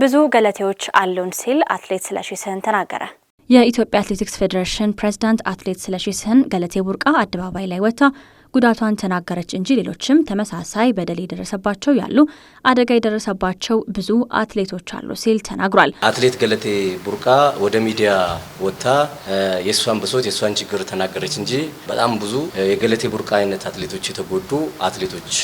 ብዙ ገለቴዎች አሉን ሲል አትሌት ስለሺ ስህን ተናገረ። የኢትዮጵያ አትሌቲክስ ፌዴሬሽን ፕሬዝዳንት አትሌት ስለሺ ስህን ገለቴ ቡርቃ አደባባይ ላይ ወጥታ ጉዳቷን ተናገረች እንጂ ሌሎችም ተመሳሳይ በደል የደረሰባቸው ያሉ አደጋ የደረሰባቸው ብዙ አትሌቶች አሉ ሲል ተናግሯል። አትሌት ገለቴ ቡርቃ ወደ ሚዲያ ወጥታ የእሷን ብሶት የእሷን ችግር ተናገረች እንጂ በጣም ብዙ የገለቴ ቡርቃ አይነት አትሌቶች የተጎዱ አትሌቶች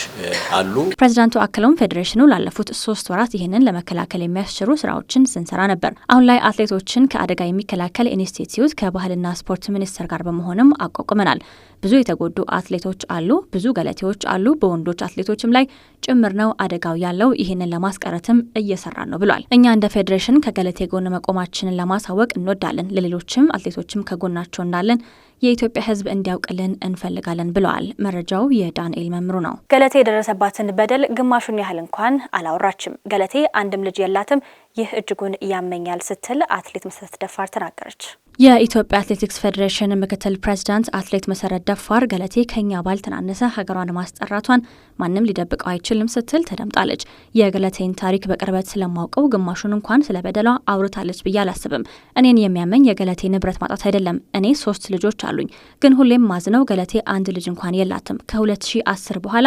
አሉ። ፕሬዚዳንቱ አክለውም ፌዴሬሽኑ ላለፉት ሶስት ወራት ይህንን ለመከላከል የሚያስችሉ ስራዎችን ስንሰራ ነበር። አሁን ላይ አትሌቶችን ከአደጋ የሚከላከል ኢንስቲትዩት ከባህልና ስፖርት ሚኒስቴር ጋር በመሆንም አቋቁመናል። ብዙ የተጎዱ አትሌቶች ገለቴዎች አሉ፣ ብዙ ገለቴዎች አሉ፣ በወንዶች አትሌቶችም ላይ ጭምር ነው አደጋው ያለው። ይህንን ለማስቀረትም እየሰራ ነው ብሏል። እኛ እንደ ፌዴሬሽን ከገለቴ ጎን መቆማችንን ለማሳወቅ እንወዳለን። ለሌሎችም አትሌቶችም ከጎናቸው እንዳለን የኢትዮጵያ ሕዝብ እንዲያውቅልን እንፈልጋለን ብለዋል። መረጃው የዳንኤል መምሩ ነው። ገለቴ የደረሰባትን በደል ግማሹን ያህል እንኳን አላወራችም። ገለቴ አንድም ልጅ የላትም፣ ይህ እጅጉን ያመኛል ስትል አትሌት መሰረት ደፋር ተናገረች። የኢትዮጵያ አትሌቲክስ ፌዴሬሽን ምክትል ፕሬዚዳንት አትሌት መሰረት ደፋር ገለቴ ከኛ ባልተናነሰ ሀገሯን ማስጠራቷን ማንም ሊደብቀው አይችልም ስትል ተደምጣለች። የገለቴን ታሪክ በቅርበት ስለማውቀው ግማሹን እንኳን ስለ በደሏ አውርታለች ብዬ አላስብም። እኔን የሚያመኝ የገለቴ ንብረት ማጣት አይደለም። እኔ ሶስት ልጆች አሉኝ፣ ግን ሁሌም ማዝነው ገለቴ አንድ ልጅ እንኳን የላትም። ከ2010 በኋላ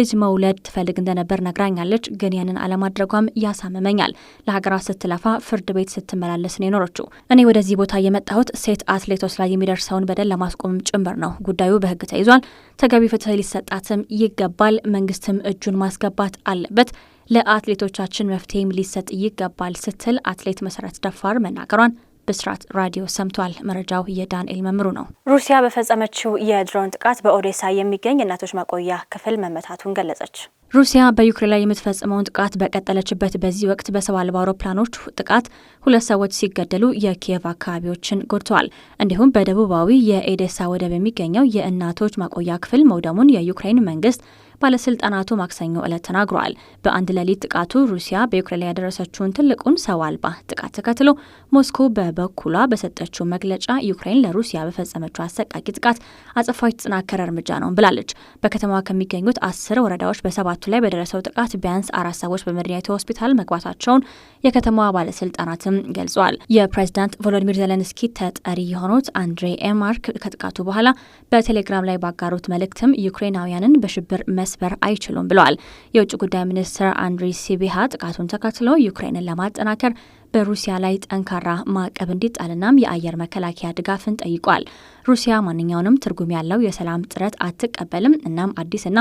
ልጅ መውለድ ትፈልግ እንደነበር ነግራኛለች፣ ግን ያንን አለማድረጓም ያሳምመኛል። ለሀገሯ ስትለፋ ፍርድ ቤት ስትመላለስ ነው የኖረችው። እኔ ወደዚህ ቦታ የመ የመጣሁት ሴት አትሌቶች ላይ የሚደርሰውን በደል ለማስቆምም ጭምር ነው። ጉዳዩ በህግ ተይዟል። ተገቢ ፍትህ ሊሰጣትም ይገባል። መንግስትም እጁን ማስገባት አለበት። ለአትሌቶቻችን መፍትሄም ሊሰጥ ይገባል ስትል አትሌት መሰረት ደፋር መናገሯን ብስራት ራዲዮ ሰምቷል። መረጃው የዳንኤል መምሩ ነው። ሩሲያ በፈጸመችው የድሮን ጥቃት በኦዴሳ የሚገኝ የእናቶች ማቆያ ክፍል መመታቱን ገለጸች። ሩሲያ በዩክሬን ላይ የምትፈጽመውን ጥቃት በቀጠለችበት በዚህ ወቅት በሰው አልባ አውሮፕላኖች ጥቃት ሁለት ሰዎች ሲገደሉ የኪየቭ አካባቢዎችን ጎድተዋል። እንዲሁም በደቡባዊ የኤዴሳ ወደብ የሚገኘው የእናቶች ማቆያ ክፍል መውደሙን የዩክሬን መንግስት ባለስልጣናቱ ማክሰኞ ዕለት ተናግረዋል። በአንድ ሌሊት ጥቃቱ ሩሲያ በዩክሬን ላይ ያደረሰችውን ትልቁን ሰው አልባ ጥቃት ተከትሎ ሞስኮ በበኩሏ በሰጠችው መግለጫ ዩክሬን ለሩሲያ በፈጸመችው አሰቃቂ ጥቃት አጸፋዊ የተጠናከረ እርምጃ ነው ብላለች። በከተማዋ ከሚገኙት አስር ወረዳዎች በሰባቱ ላይ በደረሰው ጥቃት ቢያንስ አራት ሰዎች በመዲናይቱ ሆስፒታል መግባታቸውን የከተማዋ ባለስልጣናትም ገልጿል። የፕሬዚዳንት ቮሎዲሚር ዘለንስኪ ተጠሪ የሆኑት አንድሬ ኤማርክ ከጥቃቱ በኋላ በቴሌግራም ላይ ባጋሩት መልእክትም ዩክሬናውያንን በሽብር መስበር አይችሉም ብለዋል። የውጭ ጉዳይ ሚኒስትር አንድሪ ሲቢሃ ጥቃቱን ተከትሎ ዩክሬንን ለማጠናከር በሩሲያ ላይ ጠንካራ ማዕቀብ እንዲጣልናም የአየር መከላከያ ድጋፍን ጠይቋል። ሩሲያ ማንኛውንም ትርጉም ያለው የሰላም ጥረት አትቀበልም፣ እናም አዲስና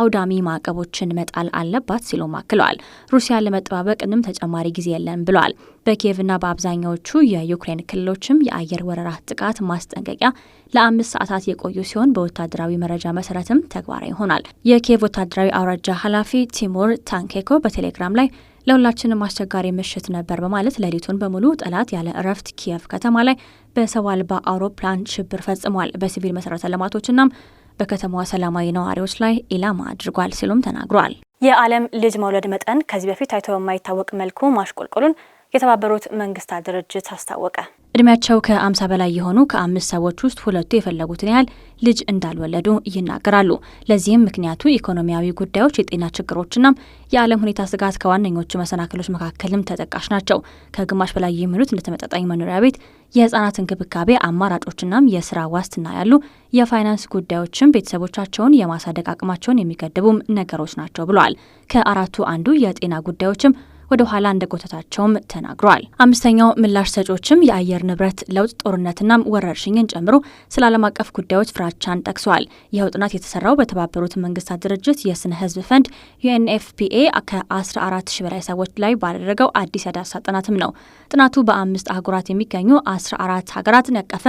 አውዳሚ ማዕቀቦችን መጣል አለባት ሲሉም አክለዋል። ሩሲያ ለመጠባበቅንም ተጨማሪ ጊዜ የለም ብለዋል። በኪየቭና በአብዛኛዎቹ የዩክሬን ክልሎችም የአየር ወረራ ጥቃት ማስጠንቀቂያ ለአምስት ሰዓታት የቆዩ ሲሆን በወታደራዊ መረጃ መሰረትም ተግባራዊ ይሆናል። የኪየቭ ወታደራዊ አውራጃ ኃላፊ ቲሞር ታንኬኮ በቴሌግራም ላይ ለሁላችንም አስቸጋሪ ምሽት ነበር በማለት ሌሊቱን በሙሉ ጠላት ያለ እረፍት ኪየቭ ከተማ ላይ በሰው አልባ አውሮፕላን ሽብር ፈጽሟል። በሲቪል መሰረተ ልማቶችናም በከተማዋ ሰላማዊ ነዋሪዎች ላይ ኢላማ አድርጓል ሲሉም ተናግሯል። የዓለም ልጅ መውለድ መጠን ከዚህ በፊት ታይቶ በማይታወቅ መልኩ ማሽቆልቆሉን የተባበሩት መንግስታት ድርጅት አስታወቀ። እድሜያቸው ከአምሳ በላይ የሆኑ ከአምስት ሰዎች ውስጥ ሁለቱ የፈለጉትን ያህል ልጅ እንዳልወለዱ ይናገራሉ። ለዚህም ምክንያቱ ኢኮኖሚያዊ ጉዳዮች፣ የጤና ችግሮችናም የዓለም ሁኔታ ስጋት ከዋነኞቹ መሰናክሎች መካከልም ተጠቃሽ ናቸው። ከግማሽ በላይ የሚሉት እንደ ተመጣጣኝ መኖሪያ ቤት፣ የህጻናት እንክብካቤ አማራጮችናም የስራ ዋስትና ያሉ የፋይናንስ ጉዳዮችም ቤተሰቦቻቸውን የማሳደግ አቅማቸውን የሚገድቡም ነገሮች ናቸው ብለዋል። ከአራቱ አንዱ የጤና ጉዳዮችም ወደ ኋላ እንደጎተታቸውም ተናግረዋል። አምስተኛው ምላሽ ሰጮችም የአየር ንብረት ለውጥ ጦርነትና ወረርሽኝን ጨምሮ ስለ ዓለም አቀፍ ጉዳዮች ፍራቻን ጠቅሰዋል። ይኸው ጥናት የተሰራው በተባበሩት መንግስታት ድርጅት የስነ ህዝብ ፈንድ ዩኤንኤፍፒኤ ከ14 ሺ በላይ ሰዎች ላይ ባደረገው አዲስ የዳሳ ጥናትም ነው። ጥናቱ በአምስት አህጉራት የሚገኙ 14 ሀገራትን ያቀፈ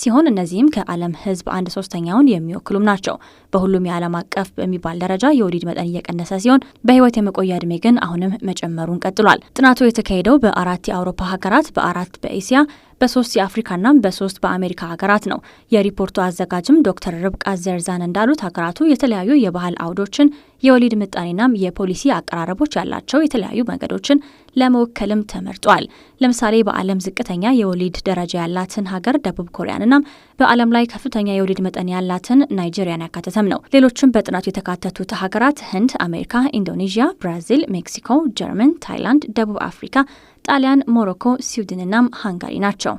ሲሆን እነዚህም ከዓለም ህዝብ አንድ ሶስተኛውን የሚወክሉም ናቸው። በሁሉም የዓለም አቀፍ በሚባል ደረጃ የወሊድ መጠን እየቀነሰ ሲሆን በህይወት የመቆያ እድሜ ግን አሁንም መጨመሩን ቀጥሏል። ጥናቱ የተካሄደው በአራት የአውሮፓ ሀገራት፣ በአራት በኤስያ በሶስት የአፍሪካና በሶስት በአሜሪካ ሀገራት ነው። የሪፖርቱ አዘጋጅም ዶክተር ርብቃ ዘርዛን እንዳሉት ሀገራቱ የተለያዩ የባህል አውዶችን የወሊድ ምጣኔናም የፖሊሲ አቀራረቦች ያላቸው የተለያዩ መንገዶችን ለመወከልም ተመርጧል። ለምሳሌ በዓለም ዝቅተኛ የወሊድ ደረጃ ያላትን ሀገር ደቡብ ኮሪያንናም በዓለም ላይ ከፍተኛ የወሊድ መጠን ያላትን ናይጄሪያን ያካተተም ነው። ሌሎችም በጥናቱ የተካተቱት ሀገራት ህንድ፣ አሜሪካ፣ ኢንዶኔዥያ፣ ብራዚል፣ ሜክሲኮ፣ ጀርመን፣ ታይላንድ፣ ደቡብ አፍሪካ፣ ጣሊያን፣ ሞሮኮ፣ ስዊድንና ሃንጋሪ ናቸው።